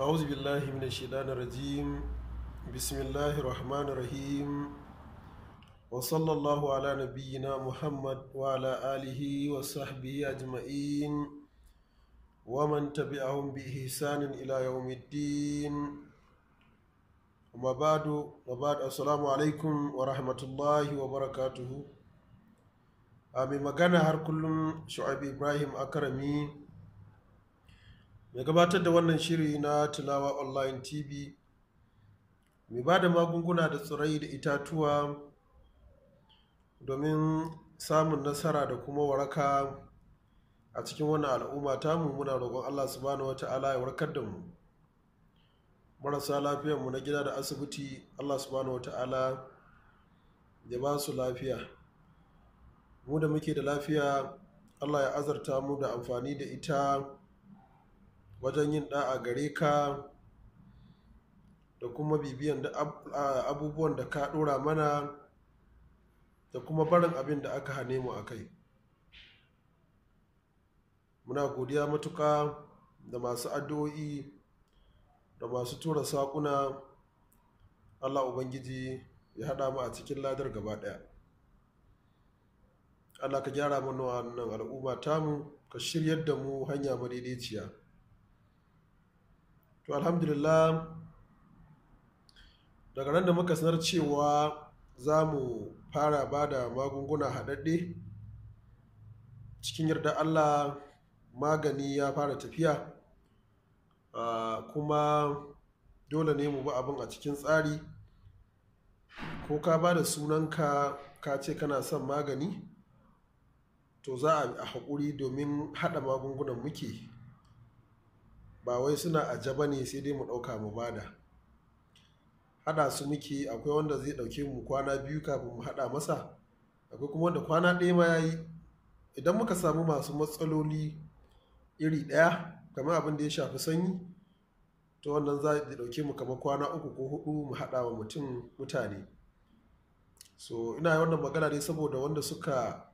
أعوذ بالله من الشيطان الرجيم بسم الله الرحمن الرحيم وصلى الله على نبينا محمد وعلى آله وصحبه أجمعين ومن تبعهم بإحسان إلى يوم الدين وما بعد وبعد السلام عليكم ورحمة الله وبركاته أمي مغانا هر كلهم شعيب إبراهيم أكرمي mai gabatar da wannan shiri na tilawa online tv mai ba da magunguna da tsirai da itatuwa domin samun nasara da kuma waraka a cikin wannan al'umma muna roƙon allah subhanahu wa ta'ala ya warkar da mu marasa lafiyarmu na gida da asibiti allah subhanahu wa ta'ala ya ba su lafiya mu da muke da lafiya allah ya azarta mu da amfani da ita wajen yin ɗa'a gare ka da kuma bibiyan da abubuwan da ka ɗora mana da kuma barin abin da aka hane mu a kai muna godiya matuka da masu addu'o'i da masu tura saƙuna allah ubangiji ya haɗa mu a cikin ladar gaba ɗaya allah ka gyara mana wannan al'umma tamu ka shiryar da mu hanya madaidaiciya to alhamdulillah daga nan da muka sanar cewa za mu fara ba da magunguna haɗaɗɗe cikin yarda allah magani ya fara tafiya kuma dole ne mu ba abin a cikin tsari ko ka ba da sunanka ka ce kana son magani to za a haƙuri domin haɗa magungunan muke ba wai suna a ba ne sai dai mu ɗauka mu bada haɗa su muke akwai wanda zai ɗauke mu kwana biyu kafin mu hada masa akwai kuma wanda kwana ɗaya ma ya idan muka samu masu matsaloli iri ɗaya kamar abin da ya shafi sanyi to wannan za a ɗauke mu kamar kwana uku ko hudu mu hada wa mutum mutane so ina yi wannan magana ne saboda wanda suka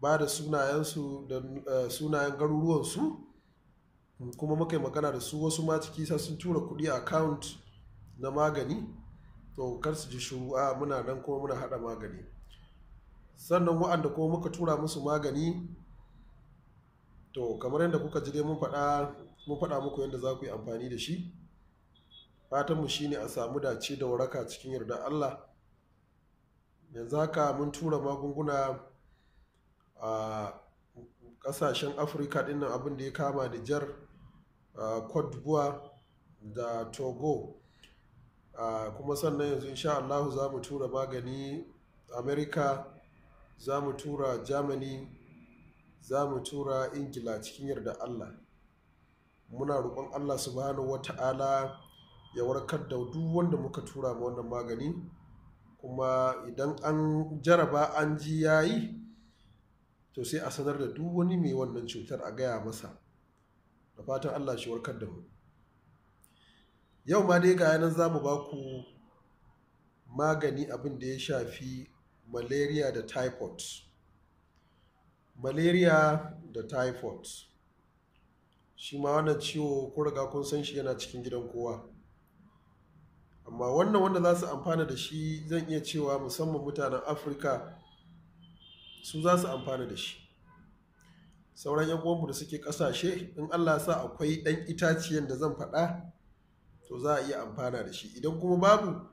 ba da sunayensu da eh, sunayen garuruwansu kuma muka yi magana da su wasu ma ciki sa sun tura kuɗi a account na magani to kar su ji shuru a muna nan kuma muna haɗa magani sannan wa'anda kuma muka tura musu magani to kamar yadda kuka ji dai mun faɗa mun faɗa muku yadda za ku yi amfani da shi mu shine a samu dace da waraka cikin yarda Allah yanzu haka mun tura magunguna a ƙasashen afirka ɗinnan abin da ya kama da cote d'ivoire da togo kuma sannan yanzu insha allahu za mu tura magani Amerika za mu tura germany za mu tura ingila cikin yarda allah muna roƙon allah subhanahu wa ya warkar da duk wanda muka tura ma wannan magani kuma idan an jaraba an ji yayi to sai a sanar da duk wani mai wannan cutar a gaya masa da fatan Allah shi warkar da mu yau ma dai ga yanar za mu ba ku magani abin da ya shafi malaria da typhoid malaria da typhoid shi ma wannan ciwo ko riga kun san shi yana cikin gidan kowa amma wannan wanda za su amfana da shi zan iya cewa musamman mutanen afirka su za su amfana da shi sauran yan uwanmu da suke kasashe in Allah sa akwai ɗan itaciyar da zan faɗa to za a iya amfana da shi idan kuma babu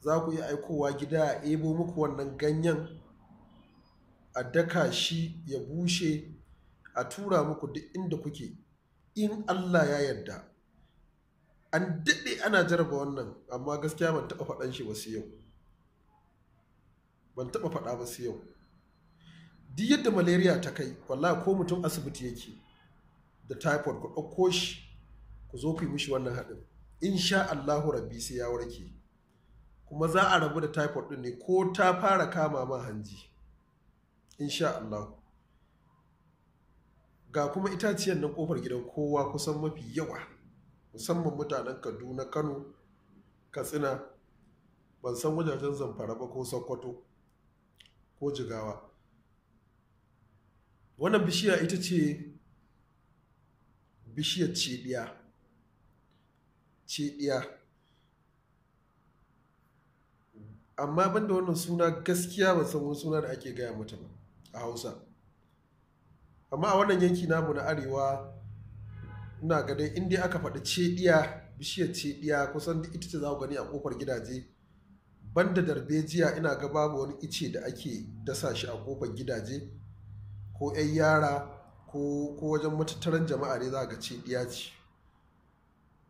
za ku iya aikowa gida a ebo muku wannan ganyen a daka shi ya bushe a tura muku duk inda kuke in Allah ya yarda an daɗe ana jaraba wannan amma gaskiya ban taɓa ban taɓa faɗa ba su yau duk yadda malaria ta kai wallahi ko mutum asibiti yake da typhoid ku ɗauko shi ku zo ku yi mishi wannan haɗin insha Allahu rabbi sai ya warke kuma za a rabu da typhoid ɗin ne ko ta fara kama ma hanji insha Allahu ga kuma itaciyar nan kofar gidan kowa kusan mafi yawa musamman mutanen kaduna kano katsina ban san wajajen zamfara ba ko sokoto ko jigawa wannan bishiya ita ce bishiyar cediya cediya amma banda wannan suna gaskiya ba san wani suna da ake gaya mata ba a hausa amma a wannan yanki namu na arewa ina ga dai inda aka faɗi cediya bishiyar cediya kusan ita ce za gani a kofar gidaje banda darbejiya ina ga babu wani ice da ake dasa shi a ƙofar gidaje ko 'yan yara ko wajen matattaran jama'a ne za ga ce ɗiya ce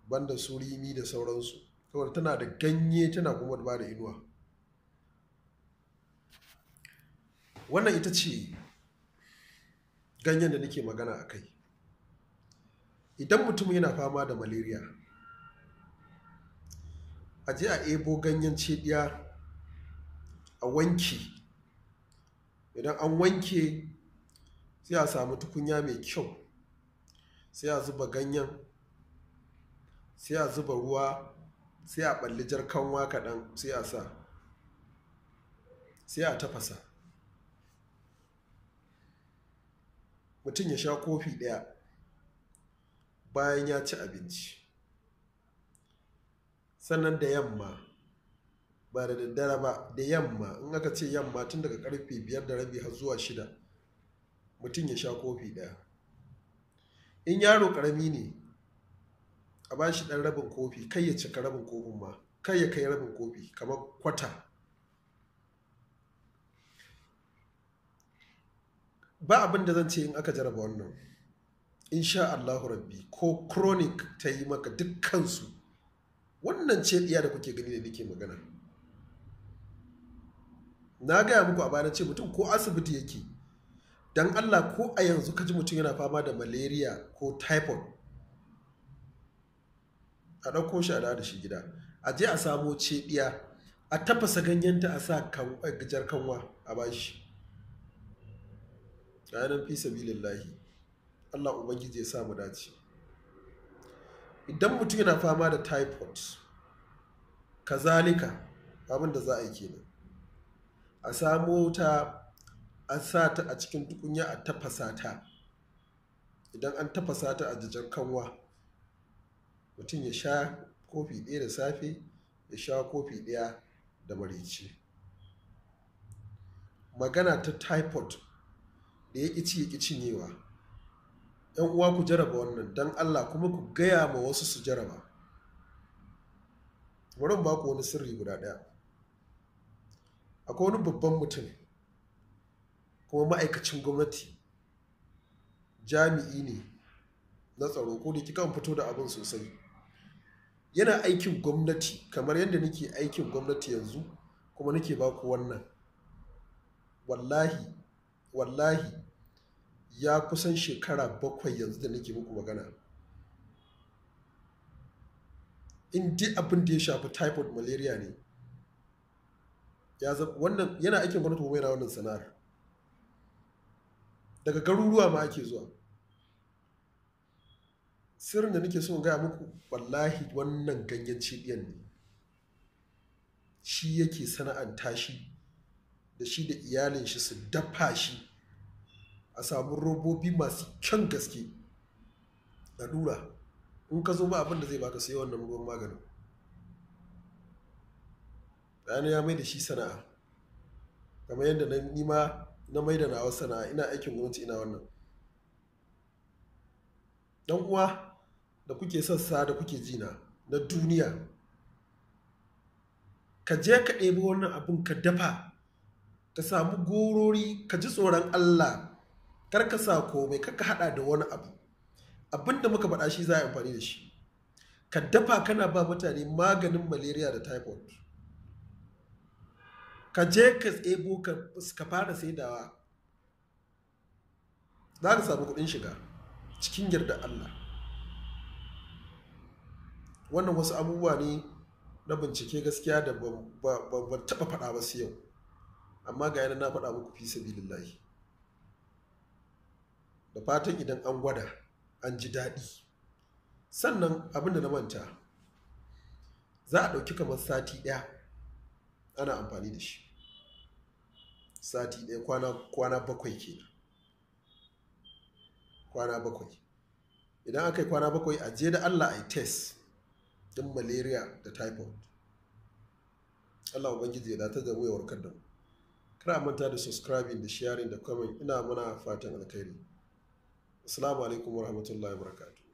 banda su da sauransu Kawai tana da ganye tana kuma ba da inuwa wannan ita ce ganyen da nake magana a kai idan mutum yana fama da malaria a je a ebo ganyen cediya a wanke idan an wanke sai a samu tukunya mai kyau sai a zuba ganyen sai a zuba ruwa sai a balli jar kanwa kaɗan sai a sa sai a tafasa mutum ya sha kofi ɗaya bayan ya ci abinci sannan da yamma ba da daddare ba da yamma in aka ce yamma tun daga karfe biyar da rabi har zuwa shida mutum ya sha kofi ɗaya in yaro karami ne a ba shi ɗan rabin kofi kai ya cika rabin kofin ma kai ya kai rabin kofi kamar kwata ba abin da zan ce in aka jaraba wannan insha Allahu rabbi ko chronic ta yi maka dukkansu wannan ce ɗiya da kuke gani da nake magana na gaya muku a bayan ce mutum ko asibiti yake don allah ko a yanzu ka ji mutum yana fama da malaria ko typhoid a ɗauko shi a da shi gida a je a samo cebiya a tafasa ganyenta a sa gajar eh, kanwa a bashi ranar fi sabilillahi allah ubangiji ya samu dace idan mutum yana fama da typhoid kazalika abin da za a yi kenan a samo ta an sa ta a cikin tukunya a tafasa ta idan an tafasa ta a jajar kanwa mutum ya sha kofi ɗaya da safe ya sha kofi ɗaya da marici magana ta typhoid da ya ƙici ya ƙici cinyewa ‘yan uwa ku jaraba wannan don allah kuma ku gaya ma wasu su jaraba bari ba ku wani sirri guda ɗaya akwai wani babban mutum kuma ma'aikacin gwamnati jami'i ne na tsaro ko da kika fito da abin sosai yana aikin gwamnati kamar yadda nake aikin gwamnati yanzu kuma nake baku wannan wallahi wallahi ya kusan shekara bakwai yanzu da nake muku magana in abin da ya shafi typhoid malaria ne wannan yana aikin gwamnati kuma yana wannan sana'ar daga garuruwa ma ake zuwa sirrin da nake so gaya muku wallahi wannan ganyen cibiyan ne shi yake sana'an tashi, da shi da iyalin shi su dafa shi a samu robobi masu kyan gaske dura in ka zo ba abin da zai baka sai wannan ruwan maganin Sani ya mai da shi sana'a kamar yadda na nima na mai da nawa sana'a ina aikin gwamnati ina wannan dan uwa da kuke sassa da kuke jina na duniya ka je ka ɗebi wannan abin ka dafa ka samu gorori ka ji tsoron Allah kar ka sa komai kar ka haɗa da wani abu abin da muka faɗa shi za a amfani da shi ka dafa kana ba mutane maganin malaria da typhoid ka je ka tsebo ka fara saidawa za ka samu kudin shiga cikin yarda Allah wannan wasu abubuwa ne na bincike gaskiya da ban taba faɗa ba yau amma ga yana na faɗa muku fi sabilillahi da fatan idan an gwada an ji daɗi sannan abinda na manta za a ɗauki kamar sati ɗaya ana amfani da shi sati ɗaya kwana bakwai kenan kwana bakwai idan aka yi kwana bakwai a je da allah a yi test din malaria da typhoid allah ubangiji ya ta da wuyawar kan da mu kar a manta da subscribing da sharing da comment ina mana fatan alkhairi assalamu alaikum warahmatullahi wabarakatuh